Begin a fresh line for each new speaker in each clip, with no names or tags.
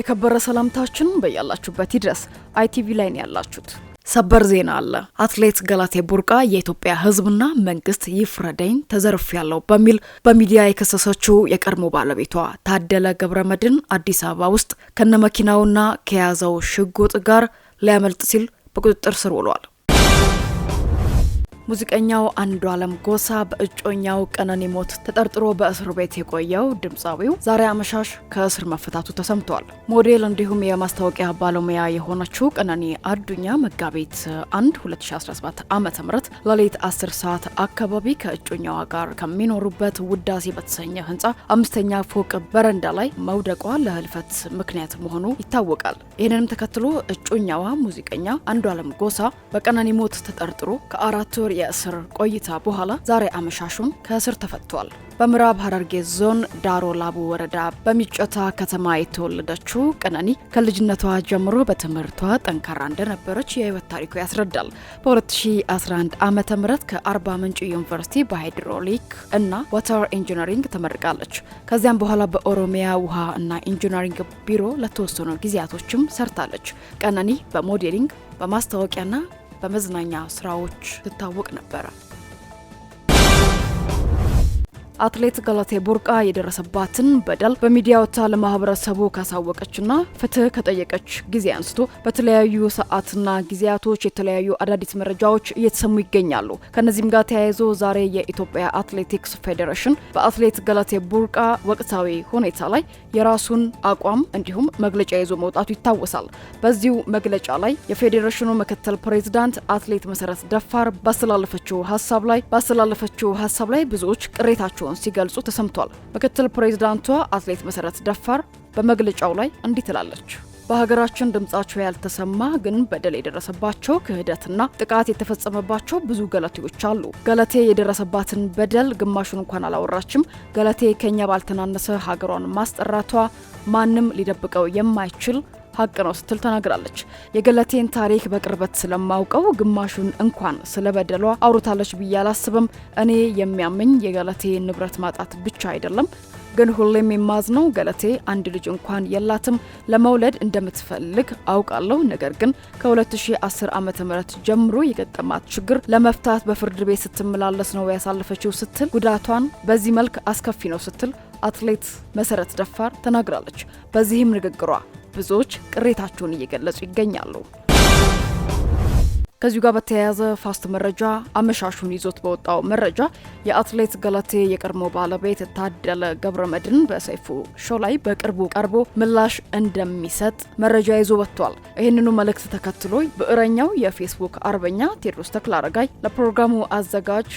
የከበረ ሰላምታችን በያላችሁበት ይድረስ። አይቲቪ ላይ ነው ያላችሁት። ሰበር ዜና አለ። አትሌት ገላቴ ቡርቃ የኢትዮጵያ ሕዝብና መንግስት ይፍረደኝ ተዘርፍ ያለው በሚል በሚዲያ የከሰሰችው የቀድሞ ባለቤቷ ታደለ ገብረመድን አዲስ አበባ ውስጥ ከነመኪናውና ከያዘው ሽጉጥ ጋር ሊያመልጥ ሲል በቁጥጥር ስር ውሏል። ሙዚቀኛው አንዱ አለም ጎሳ በእጮኛው ቀነኒ ሞት ተጠርጥሮ በእስር ቤት የቆየው ድምፃዊው ዛሬ አመሻሽ ከእስር መፈታቱ ተሰምቷል። ሞዴል እንዲሁም የማስታወቂያ ባለሙያ የሆነችው ቀነኒ አዱኛ መጋቢት 1 2017 ዓ ም ሌሊት 10 ሰዓት አካባቢ ከእጮኛዋ ጋር ከሚኖሩበት ውዳሴ በተሰኘ ህንፃ አምስተኛ ፎቅ በረንዳ ላይ መውደቋ ለህልፈት ምክንያት መሆኑ ይታወቃል። ይህንንም ተከትሎ እጮኛዋ ሙዚቀኛ አንዱ አለም ጎሳ በቀነኒ ሞት ተጠርጥሮ ከአራት ወር የእስር ቆይታ በኋላ ዛሬ አመሻሹን ከእስር ተፈቷል። በምዕራብ ሐረርጌ ዞን ዳሮ ላቡ ወረዳ በሚጮታ ከተማ የተወለደችው ቀነኒ ከልጅነቷ ጀምሮ በትምህርቷ ጠንካራ እንደነበረች የህይወት ታሪኩ ያስረዳል። በ2011 ዓ ም ከአርባ ምንጭ ዩኒቨርሲቲ በሃይድሮሊክ እና ዋተር ኢንጂነሪንግ ተመርቃለች። ከዚያም በኋላ በኦሮሚያ ውሃ እና ኢንጂነሪንግ ቢሮ ለተወሰኑ ጊዜያቶችም ሰርታለች። ቀነኒ በሞዴሊንግ በማስታወቂያና በመዝናኛ ስራዎች ትታወቅ ነበረ። አትሌት ገለቴ ቡርቃ የደረሰባትን በደል በሚዲያ ወጥታ ለማህበረሰቡ ካሳወቀችና ፍትህ ከጠየቀች ጊዜ አንስቶ በተለያዩ ሰዓትና ጊዜያቶች የተለያዩ አዳዲስ መረጃዎች እየተሰሙ ይገኛሉ። ከነዚህም ጋር ተያይዞ ዛሬ የኢትዮጵያ አትሌቲክስ ፌዴሬሽን በአትሌት ገለቴ ቡርቃ ወቅታዊ ሁኔታ ላይ የራሱን አቋም እንዲሁም መግለጫ ይዞ መውጣቱ ይታወሳል። በዚሁ መግለጫ ላይ የፌዴሬሽኑ ምክትል ፕሬዚዳንት አትሌት መሰረት ደፋር ባስተላለፈችው ሀሳብ ላይ ባስተላለፈችው ሀሳብ ላይ ብዙዎች ቅሬታቸውን መሆናቸውን ሲገልጹ ተሰምቷል። ምክትል ፕሬዚዳንቷ አትሌት መሰረት ደፋር በመግለጫው ላይ እንዲህ ትላለች። በሀገራችን ድምጻቸው ያልተሰማ ግን በደል የደረሰባቸው ክህደትና ጥቃት የተፈጸመባቸው ብዙ ገለቴዎች አሉ። ገለቴ የደረሰባትን በደል ግማሹን እንኳን አላወራችም። ገለቴ ከኛ ባልተናነሰ ሀገሯን ማስጠራቷ ማንም ሊደብቀው የማይችል ሀቅ ነው ስትል ተናግራለች። የገለቴን ታሪክ በቅርበት ስለማውቀው ግማሹን እንኳን ስለበደሏ በደሏ አውርታለች ብዬ አላስብም። እኔ የሚያመኝ የገለቴ ንብረት ማጣት ብቻ አይደለም ግን ሁሌም የማዝነው ገለቴ አንድ ልጅ እንኳን የላትም። ለመውለድ እንደምትፈልግ አውቃለሁ። ነገር ግን ከ2010 ዓ ም ጀምሮ የገጠማት ችግር ለመፍታት በፍርድ ቤት ስትመላለስ ነው ያሳለፈችው ስትል ጉዳቷን በዚህ መልክ አስከፊ ነው ስትል አትሌት መሰረት ደፋር ተናግራለች። በዚህም ንግግሯ ብዙዎች ቅሬታቸውን እየገለጹ ይገኛሉ። ከዚሁ ጋር በተያያዘ ፋስት መረጃ አመሻሹን ይዞት በወጣው መረጃ የአትሌት ገለቴ የቀድሞ ባለቤት ታደለ ገብረ መድን በሰይፉ ሾው ላይ በቅርቡ ቀርቦ ምላሽ እንደሚሰጥ መረጃ ይዞ ወጥቷል። ይህንኑ መልእክት ተከትሎ ብዕረኛው የፌስቡክ አርበኛ ቴዎድሮስ ተክለ አረጋይ ለፕሮግራሙ አዘጋጅ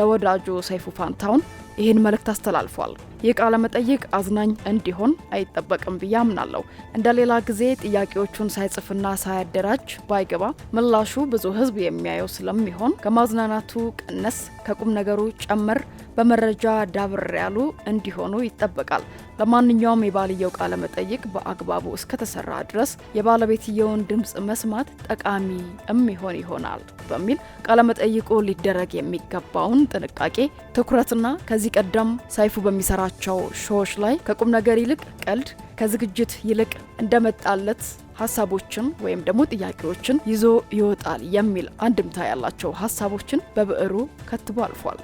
ለወዳጁ ሰይፉ ፋንታውን ይህን መልእክት አስተላልፏል። ይህ ቃለ መጠይቅ አዝናኝ እንዲሆን አይጠበቅም ብዬ አምናለሁ። እንደ ሌላ ጊዜ ጥያቄዎቹን ሳይጽፍና ሳያደራጅ ባይገባ ምላሹ ብዙ ሕዝብ የሚያየው ስለሚሆን ከማዝናናቱ ቀነስ፣ ከቁም ነገሩ ጨምር፣ በመረጃ ዳብር ያሉ እንዲሆኑ ይጠበቃል። ለማንኛውም የባልየው ቃለ መጠይቅ በአግባቡ እስከተሰራ ድረስ የባለቤትየውን ድምፅ መስማት ጠቃሚ የሚሆን ይሆናል በሚል ቃለመጠይቁ ሊደረግ የሚገባውን ጥንቃቄ፣ ትኩረትና ከዚህ ቀደም ሰይፉ በሚሰራቸው ሾዎች ላይ ከቁም ነገር ይልቅ ቀልድ፣ ከዝግጅት ይልቅ እንደመጣለት ሀሳቦችን ወይም ደግሞ ጥያቄዎችን ይዞ ይወጣል የሚል አንድምታ ያላቸው ሀሳቦችን በብዕሩ ከትቦ አልፏል።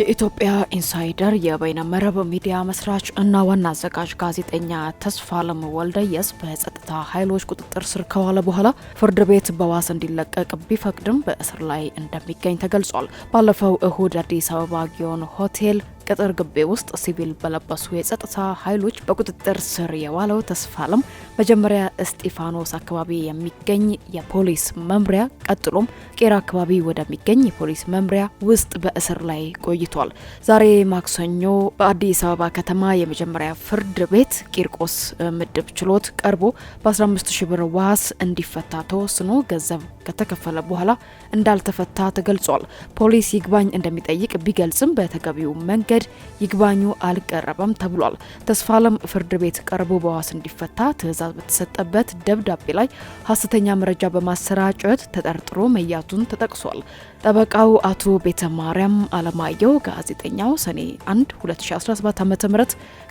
የኢትዮጵያ ኢንሳይደር የበይነ መረብ ሚዲያ መስራች እና ዋና አዘጋጅ ጋዜጠኛ ተስፋለም ወልደየስ በጸጥታ ኃይሎች ቁጥጥር ስር ከዋለ በኋላ ፍርድ ቤት በዋስ እንዲለቀቅ ቢፈቅድም በእስር ላይ እንደሚገኝ ተገልጿል። ባለፈው እሁድ አዲስ አበባ ጊዮን ሆቴል ቅጥር ግቢ ውስጥ ሲቪል በለበሱ የጸጥታ ኃይሎች በቁጥጥር ስር የዋለው ተስፋ አለም መጀመሪያ እስጢፋኖስ አካባቢ የሚገኝ የፖሊስ መምሪያ ቀጥሎም ቄራ አካባቢ ወደሚገኝ የፖሊስ መምሪያ ውስጥ በእስር ላይ ቆይቷል። ዛሬ ማክሰኞ በአዲስ አበባ ከተማ የመጀመሪያ ፍርድ ቤት ቂርቆስ ምድብ ችሎት ቀርቦ በ15 ብር ዋስ እንዲፈታ ተወስኖ ገንዘብ ከተከፈለ በኋላ እንዳልተፈታ ተገልጿል። ፖሊስ ይግባኝ እንደሚጠይቅ ቢገልጽም በተገቢው መንገድ ረገድ ይግባኙ አልቀረበም ተብሏል። ተስፋለም ፍርድ ቤት ቀርቦ በዋስ እንዲፈታ ትዕዛዝ በተሰጠበት ደብዳቤ ላይ ሐሰተኛ መረጃ በማሰራጨት ተጠርጥሮ መያዙን ተጠቅሷል። ጠበቃው አቶ ቤተ ማርያም አለማየሁ ጋዜጠኛው ሰኔ 1 2017 ዓ ም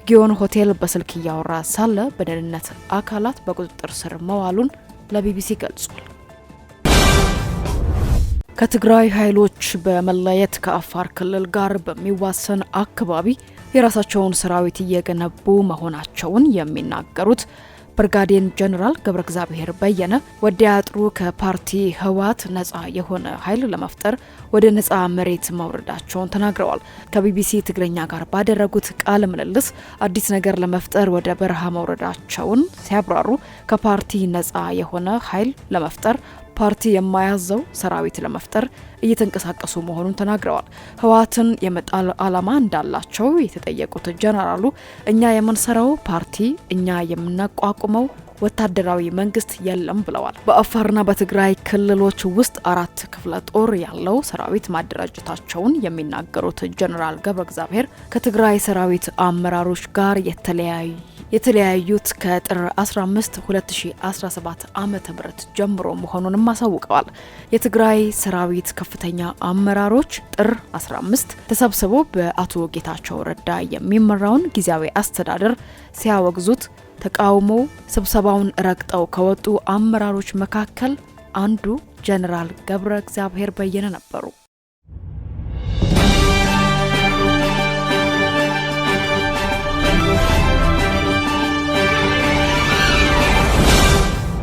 ጊዮን ሆቴል በስልክ እያወራ ሳለ በደህንነት አካላት በቁጥጥር ስር መዋሉን ለቢቢሲ ገልጿል። ከትግራይ ኃይሎች በመለየት ከአፋር ክልል ጋር በሚዋሰን አካባቢ የራሳቸውን ሰራዊት እየገነቡ መሆናቸውን የሚናገሩት ብርጋዴን ጀኔራል ገብረ እግዚአብሔር በየነ ወዲያ ጥሩ ከፓርቲ ህወሓት ነጻ የሆነ ኃይል ለመፍጠር ወደ ነጻ መሬት መውረዳቸውን ተናግረዋል። ከቢቢሲ ትግረኛ ጋር ባደረጉት ቃለ ምልልስ አዲስ ነገር ለመፍጠር ወደ በረሃ መውረዳቸውን ሲያብራሩ ከፓርቲ ነጻ የሆነ ኃይል ለመፍጠር ፓርቲ የማያዘው ሰራዊት ለመፍጠር እየተንቀሳቀሱ መሆኑን ተናግረዋል። ህወሓትን የመጣል ዓላማ እንዳላቸው የተጠየቁት ጀነራሉ እኛ የምንሰራው ፓርቲ፣ እኛ የምናቋቁመው ወታደራዊ መንግስት የለም ብለዋል። በአፋርና በትግራይ ክልሎች ውስጥ አራት ክፍለ ጦር ያለው ሰራዊት ማደራጀታቸውን የሚናገሩት ጀነራል ገብረ እግዚአብሔር ከትግራይ ሰራዊት አመራሮች ጋር የተለያዩ የተለያዩት ከጥር 15 2017 ዓ ም ጀምሮ መሆኑንም አሳውቀዋል። የትግራይ ሰራዊት ከፍተኛ አመራሮች ጥር 15 ተሰብስበው በአቶ ጌታቸው ረዳ የሚመራውን ጊዜያዊ አስተዳደር ሲያወግዙት ተቃውሞ ስብሰባውን ረግጠው ከወጡ አመራሮች መካከል አንዱ ጀኔራል ገብረ እግዚአብሔር በየነ ነበሩ።